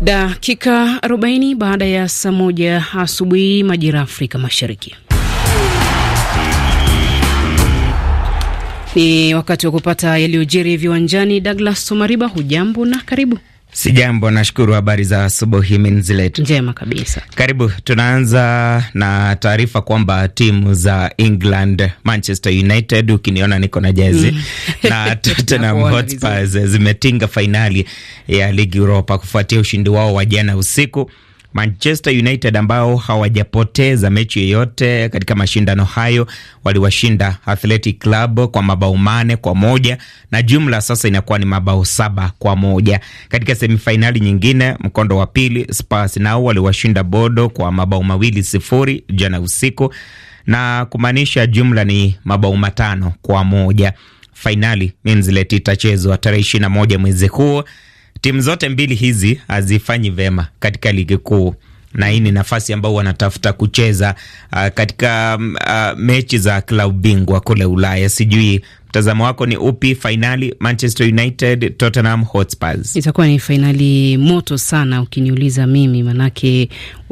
Dakika 40 baada ya saa moja asubuhi majira ya Afrika Mashariki. Ni wakati wa kupata yaliyojiri viwanjani. Douglas Somariba, hujambo na karibu si jambo nashukuru. Habari za asubuhi Minzilet? Njema kabisa. Karibu. Tunaanza na taarifa kwamba timu za England, Manchester United, ukiniona niko na jezi mm. na Tottenham Hotspur zimetinga fainali ya ligi Europa kufuatia ushindi wao wa jana usiku Manchester United ambao hawajapoteza mechi yoyote katika mashindano hayo waliwashinda Athletic Club kwa mabao mane kwa moja na jumla sasa inakuwa ni mabao saba kwa moja. Katika semifainali nyingine mkondo wa pili, Spurs nao waliwashinda Bodo kwa mabao mawili sifuri jana usiku na kumaanisha jumla ni mabao matano kwa moja. Fainali itachezwa tarehe 21 mwezi huu Timu zote mbili hizi hazifanyi vema katika ligi kuu na hii ni nafasi ambao wanatafuta kucheza uh, katika uh, mechi za klabu bingwa kule Ulaya. Sijui mtazamo wako ni upi? Fainali Manchester United Tottenham Hotspur itakuwa ni fainali moto sana, ukiniuliza mimi, manake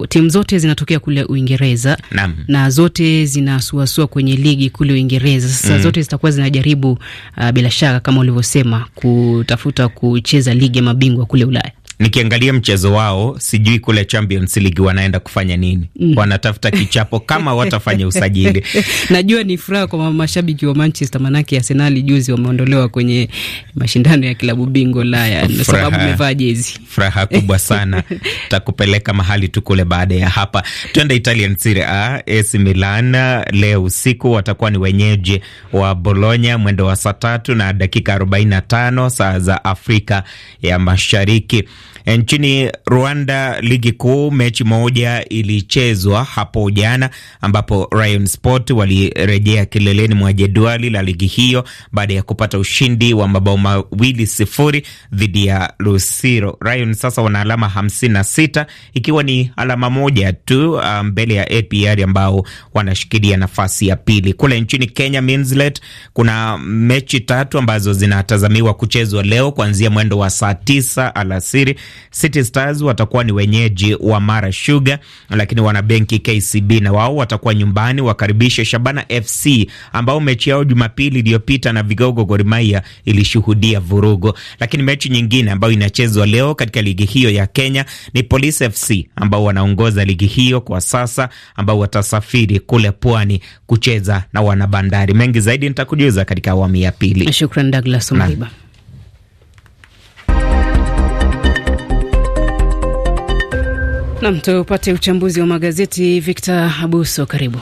timu zote zinatokea kule Uingereza na, na zote zinasuasua kwenye ligi kule Uingereza. Sasa mm, zote zitakuwa zinajaribu uh, bila shaka kama ulivyosema, kutafuta kucheza ligi ya mabingwa kule Ulaya nikiangalia mchezo wao sijui kule Champions League wanaenda kufanya nini? mm. Wanatafuta kichapo kama watafanya usajili najua ni furaha kwa mashabiki wa Manchester, manake Arsenal juzi wameondolewa kwenye mashindano ya klabu bingwa Ulaya na sababu umevaa jezi. Furaha kubwa sana takupeleka mahali tu kule. Baada ya hapa, twende Italian Serie A. AC Milan leo usiku watakuwa ni wenyeji wa Bologna mwendo wa saa tatu na dakika 45 saa za Afrika ya Mashariki. Eh, nchini Rwanda, ligi kuu, mechi moja ilichezwa hapo jana, ambapo Rayon Sport walirejea kileleni mwa jedwali la ligi hiyo baada ya kupata ushindi wa mabao mawili sifuri dhidi ya Lusiro. Rayon sasa wana alama 56 ikiwa ni alama moja tu um, mbele ya APR ambao wanashikilia nafasi ya pili. Kule nchini Kenya Minslet, kuna mechi tatu ambazo zinatazamiwa kuchezwa leo kuanzia mwendo wa saa tisa alasiri City Stars watakuwa ni wenyeji wa Mara Sugar, lakini wana benki KCB na wao watakuwa nyumbani wakaribishe Shabana FC ambao mechi yao Jumapili iliyopita na vigogo Gor Mahia ilishuhudia vurugo. Lakini mechi nyingine ambayo inachezwa leo katika ligi hiyo ya Kenya ni Police FC ambao wanaongoza ligi hiyo kwa sasa, ambao watasafiri kule pwani kucheza na wana Bandari. Mengi zaidi nitakujuza katika awamu ya pili. Shukran Douglas Mwiba. Nam, tupate uchambuzi wa magazeti. Victor Abuso, karibu.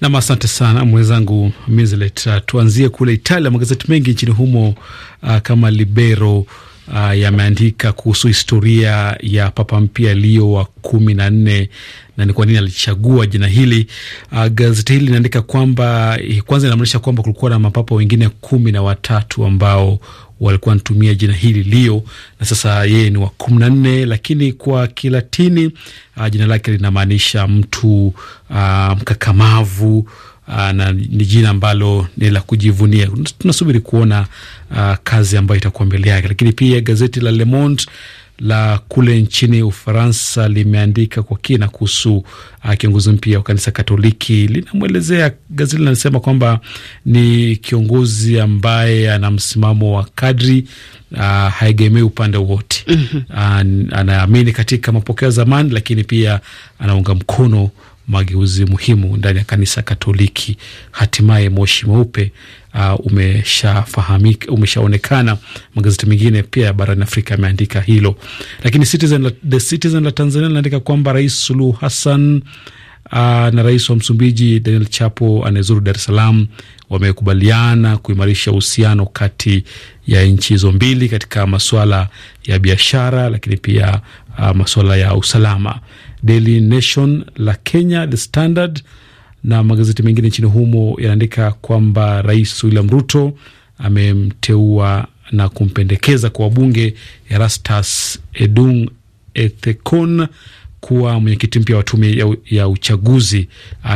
Nam, asante sana mwenzangu Minslet. Uh, ah, tuanzie kule Italia. Magazeti mengi nchini humo uh, kama Libero Uh, yameandika kuhusu historia ya papa mpya Leo wa kumi na nne na ni kwa nini alichagua jina hili. Uh, gazeti hili linaandika kwamba eh, kwanza, inaamrisha kwamba kulikuwa na mapapa wengine kumi na watatu ambao walikuwa wanatumia jina hili Leo, na sasa yeye ni wa kumi na nne, lakini kwa Kilatini uh, jina lake linamaanisha mtu uh, mkakamavu uh, na ni jina ambalo ni la kujivunia. Tunasubiri kuona uh, kazi ambayo itakuwa mbele yake, lakini pia gazeti la Le Monde la kule nchini Ufaransa limeandika kwa kina kuhusu uh, kiongozi mpya wa kanisa Katoliki. Linamwelezea gazeti linasema kwamba ni kiongozi ambaye ana msimamo wa kadri uh, haegemei upande wote mm -hmm. uh, anaamini katika mapokeo ya zamani, lakini pia anaunga mkono mageuzi muhimu ndani ya kanisa Katoliki. Hatimaye moshi mweupe uh, umeshafahamika, umeshaonekana. Magazeti mengine pia ya barani Afrika yameandika hilo, lakini Citizen, The Citizen la Tanzania linaandika kwamba Rais Suluhu Hassan Uh, na rais wa Msumbiji Daniel Chapo anayezuru Dar es Salaam wamekubaliana kuimarisha uhusiano kati ya nchi hizo mbili katika masuala ya biashara, lakini pia uh, ah, masuala ya usalama. Daily Nation la Kenya, The Standard na magazeti mengine nchini humo yanaandika kwamba Rais William Ruto amemteua na kumpendekeza kwa wabunge Erastus Edung Ethekon kuwa mwenyekiti mpya wa tume ya, ya uchaguzi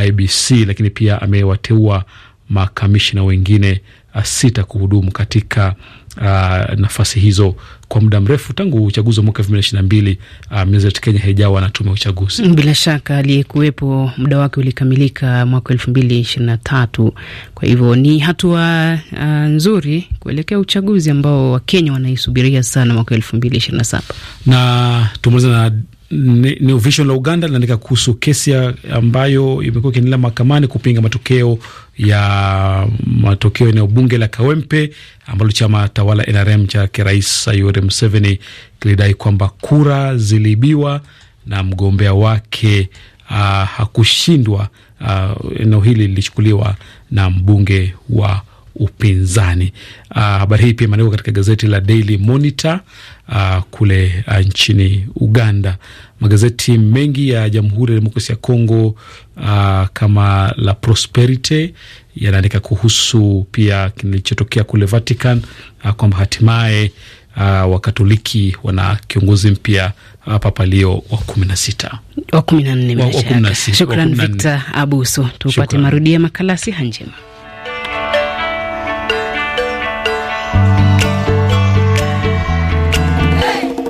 IBC, lakini pia amewateua makamishina wengine sita kuhudumu katika uh, nafasi hizo kwa muda mrefu tangu uchaguzi wa mwaka elfu mbili na ishirini na mbili. Uh, Mizet Kenya haijawa na tume ya uchaguzi. Bila shaka aliyekuwepo muda wake ulikamilika mwaka elfu mbili ishirini na tatu. Kwa hivyo ni hatua uh, nzuri kuelekea uchaguzi ambao Wakenya wanaisubiria sana mwaka elfu mbili ishirini na saba na tumaliza na New Vision la Uganda linaandika kuhusu kesi ambayo imekuwa ikiendelea mahakamani kupinga matokeo ya matokeo eneo bunge la Kawempe ambalo chama tawala NRM cha kirais Yoweri Museveni kilidai kwamba kura ziliibiwa na mgombea wake uh, hakushindwa. Ah, eneo hili lilichukuliwa na mbunge wa upinzani. Ah, habari uh, hii pia imeandikwa katika gazeti la Daily Monitor uh, kule uh, nchini Uganda. Magazeti mengi ya Jamhuri ya Demokrasia ya Kongo uh, kama la Prosperity yanaandika kuhusu pia kilichotokea kule Vatican uh, kwamba hatimaye Uh, Wakatoliki wana kiongozi mpya uh, Papa Leo wa kumi na sita wa kumi na nne. Shukran Victor Abuso, tupate marudio ya makala siha njema.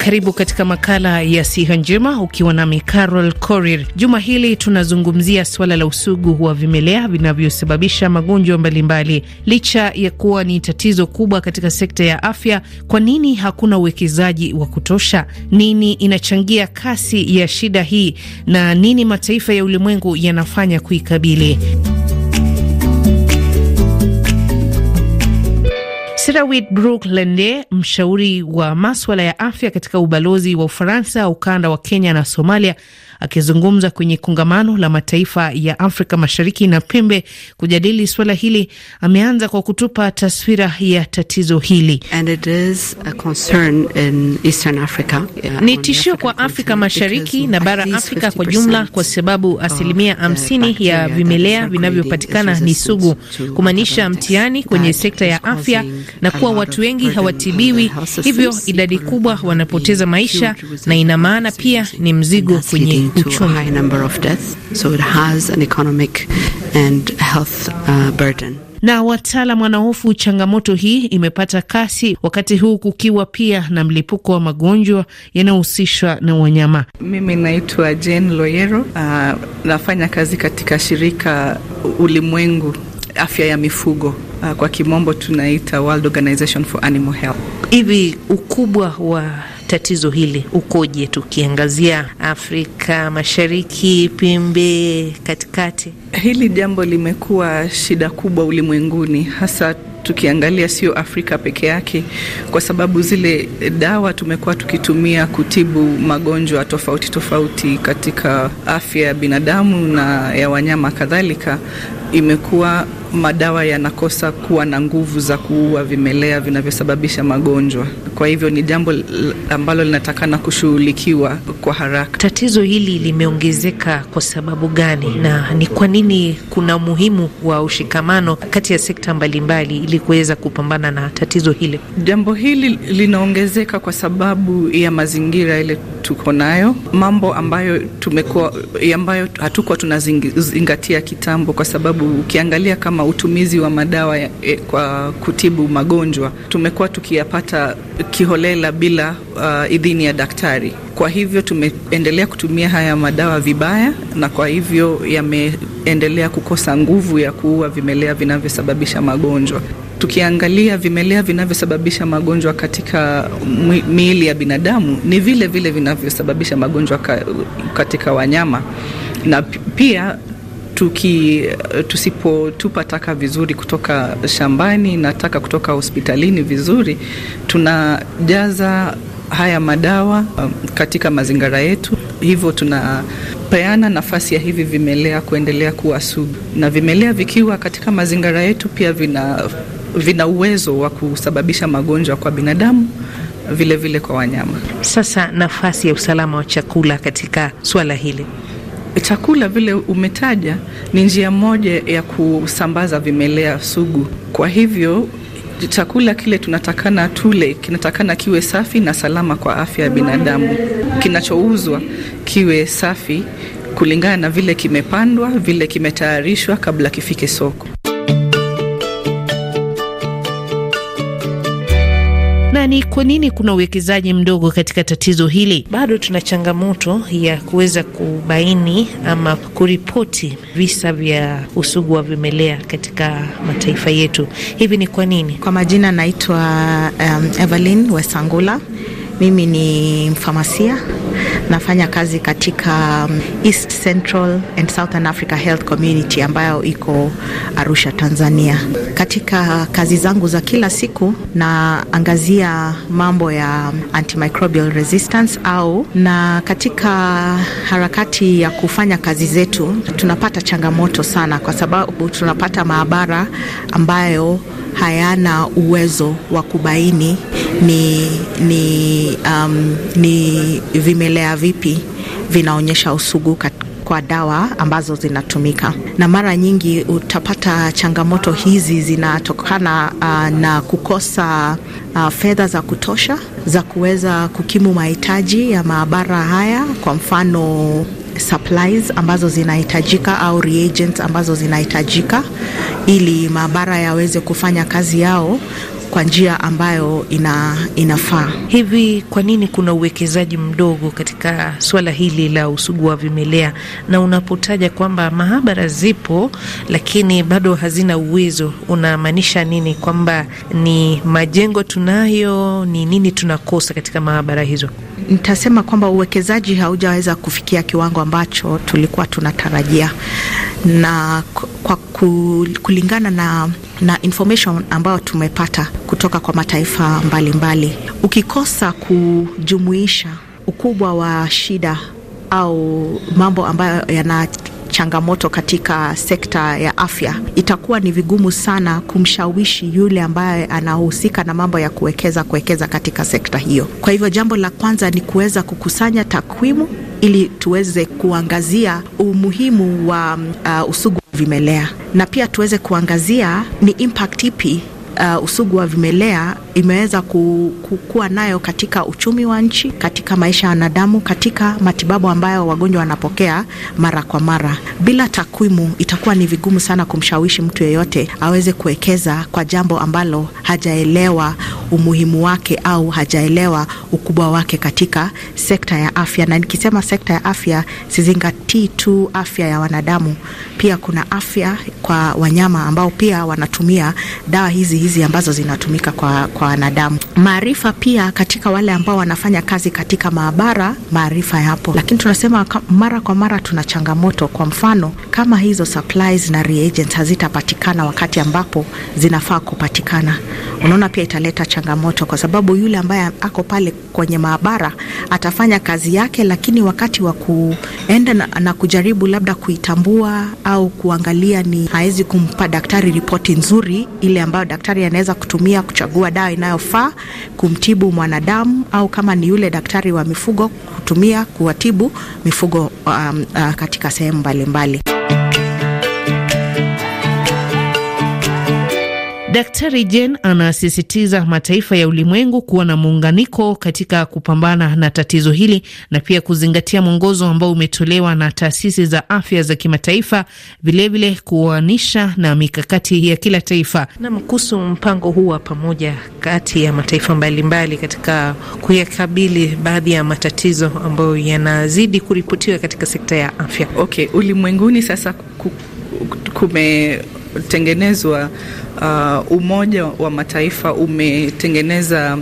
Karibu katika makala ya siha njema, ukiwa nami Carol Korir. Juma hili tunazungumzia suala la usugu wa vimelea vinavyosababisha magonjwa mbalimbali. Licha ya kuwa ni tatizo kubwa katika sekta ya afya, kwa nini hakuna uwekezaji wa kutosha? Nini inachangia kasi ya shida hii, na nini mataifa ya ulimwengu yanafanya kuikabili? Sirawit Brook Lende, mshauri wa maswala ya afya katika ubalozi wa Ufaransa ukanda wa Kenya na Somalia, Akizungumza kwenye kongamano la mataifa ya Afrika Mashariki na Pembe kujadili suala hili, ameanza kwa kutupa taswira ya tatizo hili. Uh, ni tishio kwa Afrika Mashariki na bara Afrika kwa jumla, kwa sababu asilimia hamsini ya vimelea vinavyopatikana ni sugu, kumaanisha mtihani kwenye sekta ya afya na kuwa watu wengi hawatibiwi, hivyo idadi kubwa wanapoteza maisha, na ina maana pia ni mzigo kwenye to a high number of deaths, so it has an economic and health uh, burden. Na wataalam wanahofu changamoto hii imepata kasi wakati huu kukiwa pia na mlipuko wa magonjwa yanayohusishwa na wanyama. Mimi naitwa Jane Loyero. Uh, nafanya kazi katika shirika ulimwengu afya ya mifugo uh, kwa kimombo tunaita World Organization for Animal Health. Hivi ukubwa wa tatizo hili ukoje, tukiangazia Afrika Mashariki, pembe katikati? Hili jambo limekuwa shida kubwa ulimwenguni, hasa tukiangalia sio Afrika peke yake, kwa sababu zile dawa tumekuwa tukitumia kutibu magonjwa tofauti tofauti katika afya ya binadamu na ya wanyama kadhalika, imekuwa madawa yanakosa kuwa na nguvu za kuua vimelea vinavyosababisha magonjwa. Kwa hivyo ni jambo ambalo linatakana kushughulikiwa kwa haraka. Tatizo hili limeongezeka kwa sababu gani, na ni kwa nini kuna umuhimu wa ushikamano kati ya sekta mbalimbali ili kuweza kupambana na tatizo hili? Jambo hili linaongezeka kwa sababu ya mazingira ile tuko nayo, mambo ambayo tumekuwa ambayo hatukuwa tunazingatia kitambo, kwa sababu ukiangalia kama ama utumizi wa madawa ya, e, kwa kutibu magonjwa tumekuwa tukiyapata kiholela bila uh, idhini ya daktari. Kwa hivyo tumeendelea kutumia haya madawa vibaya, na kwa hivyo yameendelea kukosa nguvu ya kuua vimelea vinavyosababisha magonjwa. Tukiangalia vimelea vinavyosababisha magonjwa katika miili ya binadamu ni vile vile vinavyosababisha magonjwa ka, katika wanyama na pia tuki eh, tusipotupa taka vizuri kutoka shambani na taka kutoka hospitalini vizuri, tunajaza haya madawa um, katika mazingira yetu, hivyo tunapeana nafasi ya hivi vimelea kuendelea kuwa sugu, na vimelea vikiwa katika mazingira yetu pia vina vina uwezo wa kusababisha magonjwa kwa binadamu vilevile vile kwa wanyama. Sasa nafasi ya usalama wa chakula katika suala hili Chakula vile umetaja ni njia moja ya kusambaza vimelea sugu. Kwa hivyo chakula kile tunatakana tule kinatakana kiwe safi na salama kwa afya ya binadamu. Kinachouzwa kiwe safi kulingana na vile kimepandwa, vile kimetayarishwa kabla kifike soko. ni kwa nini kuna uwekezaji mdogo katika tatizo hili? Bado tuna changamoto ya kuweza kubaini ama kuripoti visa vya usugu wa vimelea katika mataifa yetu. Hivi ni kwa nini? Kwa majina naitwa um, Evelyn Wesangula. Mimi ni mfamasia, nafanya kazi katika um, East Central and Southern Africa Health Community ambayo iko Arusha, Tanzania. Katika kazi zangu za kila siku naangazia mambo ya antimicrobial resistance au, na katika harakati ya kufanya kazi zetu tunapata changamoto sana, kwa sababu tunapata maabara ambayo hayana uwezo wa kubaini ni, ni, um, ni vimelea vipi vinaonyesha usugu kat kwa dawa ambazo zinatumika, na mara nyingi utapata changamoto hizi zinatokana uh, na kukosa uh, fedha za kutosha za kuweza kukimu mahitaji ya maabara haya, kwa mfano supplies ambazo zinahitajika au reagents ambazo zinahitajika ili maabara yaweze kufanya kazi yao kwa njia ambayo ina, inafaa. Hivi kwa nini kuna uwekezaji mdogo katika swala hili la usugu wa vimelea? Na unapotaja kwamba maabara zipo lakini bado hazina uwezo, unamaanisha nini? Kwamba ni majengo tunayo, ni nini tunakosa katika maabara hizo? nitasema kwamba uwekezaji haujaweza kufikia kiwango ambacho tulikuwa tunatarajia, na kwa kulingana na, na information ambayo tumepata kutoka kwa mataifa mbalimbali mbali. Ukikosa kujumuisha ukubwa wa shida au mambo ambayo yana changamoto katika sekta ya afya, itakuwa ni vigumu sana kumshawishi yule ambaye anahusika na mambo ya kuwekeza kuwekeza katika sekta hiyo. Kwa hivyo jambo la kwanza ni kuweza kukusanya takwimu ili tuweze kuangazia umuhimu wa uh, usugu vimelea na pia tuweze kuangazia ni impact ipi uh, usugu wa vimelea imeweza kuwa nayo katika uchumi wa nchi, katika maisha ya wanadamu, katika matibabu ambayo wagonjwa wanapokea mara kwa mara. Bila takwimu, itakuwa ni vigumu sana kumshawishi mtu yeyote aweze kuwekeza kwa jambo ambalo hajaelewa umuhimu wake au hajaelewa ukubwa wake katika sekta ya afya. Na nikisema sekta ya afya, sizingatii tu afya ya wanadamu, pia kuna afya kwa wanyama ambao pia wanatumia dawa hizi hizi ambazo zinatumika kwa kwa wanadamu. Maarifa pia katika wale ambao wanafanya kazi katika maabara, maarifa yapo, lakini tunasema mara kwa mara tuna changamoto. Kwa mfano kama hizo supplies na reagents hazitapatikana wakati ambapo zinafaa kupatikana, unaona pia italeta changamoto, kwa sababu yule ambaye ako pale kwenye maabara atafanya kazi yake, lakini wakati wa kuenda na, na kujaribu labda kuitambua au kuangalia, ni hawezi kumpa daktari ripoti nzuri ile ambayo daktari daktari anaweza kutumia kuchagua dawa inayofaa kumtibu mwanadamu au kama ni yule daktari wa mifugo kutumia kuwatibu mifugo um, uh, katika sehemu mbalimbali. Daktari Jen anasisitiza mataifa ya ulimwengu kuwa na muunganiko katika kupambana na tatizo hili na pia kuzingatia mwongozo ambao umetolewa na taasisi za afya za kimataifa, vilevile kuoanisha na mikakati ya kila taifa. Nam, kuhusu mpango huu wa pamoja kati ya mataifa mbalimbali katika kuyakabili baadhi ya matatizo ambayo yanazidi kuripotiwa katika sekta ya afya. Okay, ulimwenguni sasa kume unapotengenezwa uh, Umoja wa Mataifa umetengeneza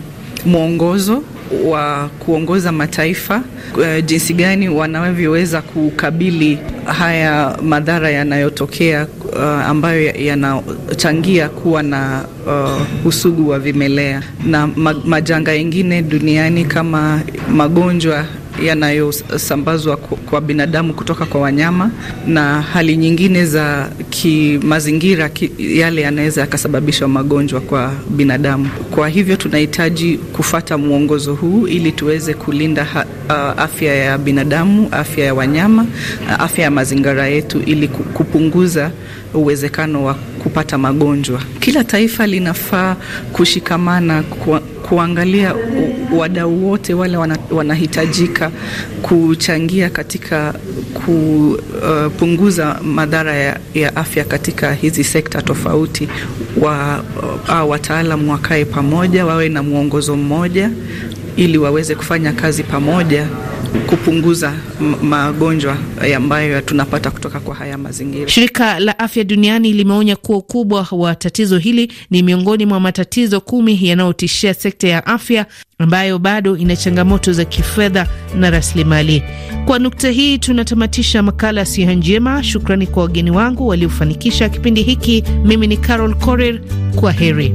mwongozo wa kuongoza mataifa uh, jinsi gani wanavyoweza kukabili haya madhara yanayotokea uh, ambayo yanachangia kuwa na uh, usugu wa vimelea na majanga yengine duniani kama magonjwa yanayosambazwa kwa binadamu kutoka kwa wanyama na hali nyingine za kimazingira ki, yale yanaweza yakasababisha magonjwa kwa binadamu. Kwa hivyo tunahitaji kufata mwongozo huu ili tuweze kulinda ha, uh, afya ya binadamu, afya ya wanyama, afya ya mazingira yetu ili kupunguza uwezekano wa kupata magonjwa. Kila taifa linafaa kushikamana ku, kuangalia wadau wote wale wana, wanahitajika kuchangia katika kupunguza uh, madhara ya, ya afya katika hizi sekta tofauti. Wa, uh, wataalam wakae pamoja, wawe na mwongozo mmoja ili waweze kufanya kazi pamoja kupunguza magonjwa ambayo tunapata kutoka kwa haya mazingira. Shirika la Afya Duniani limeonya kuwa ukubwa wa tatizo hili ni miongoni mwa matatizo kumi yanayotishia sekta ya afya ambayo bado ina changamoto za kifedha na rasilimali. Kwa nukta hii tunatamatisha makala ya Siha Njema. Shukrani kwa wageni wangu waliofanikisha kipindi hiki. Mimi ni Carol Korir, kwa heri.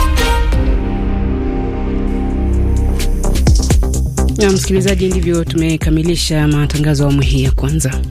Na msikilizaji, ndivyo tumekamilisha matangazo awamu hii ya kwanza.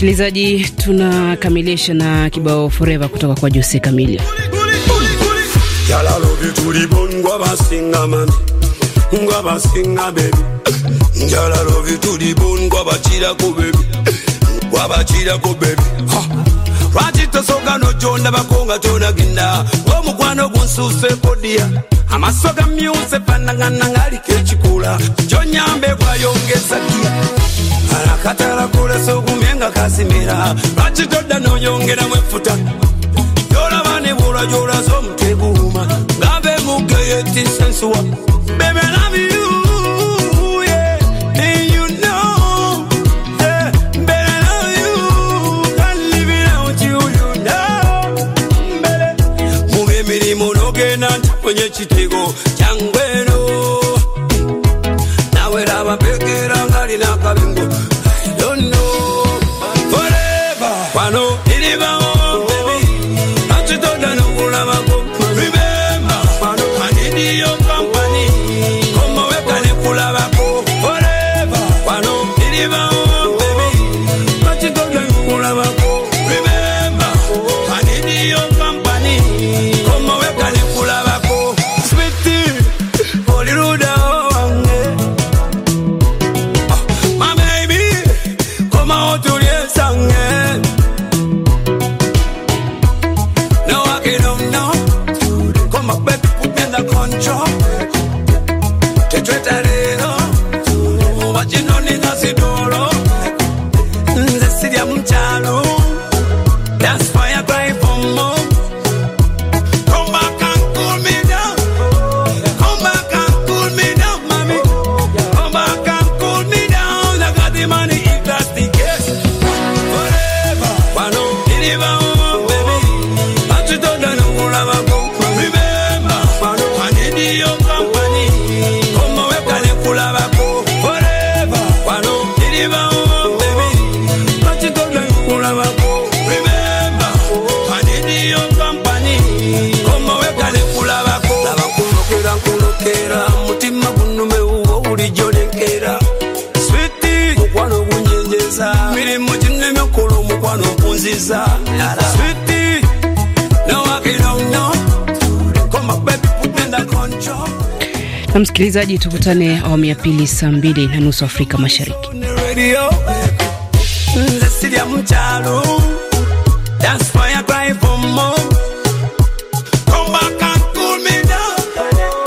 Msikilizaji, tunakamilisha na kibao Forever kutoka kwa Jose Kamili. lwaki tosooka n'okyondabako nga kyolaginda ng'omukwano gunsuuse kodiya amaso ga myuse fanagana ng'aliko ekikula kyonyambe bwayongeza kiya alakatalakulesa ogumye nga kasimira lwaki todda n'oyongeramu efuta gyolaba ne bwolwa gyolaza omutwe guuma ngave mugeyo etisensuwa bemerabiyo kwenye chitego changwelo nawe rava pe That's why na msikilizaji, tukutane awamu ya pili saa mbili na nusu Afrika Mashariki.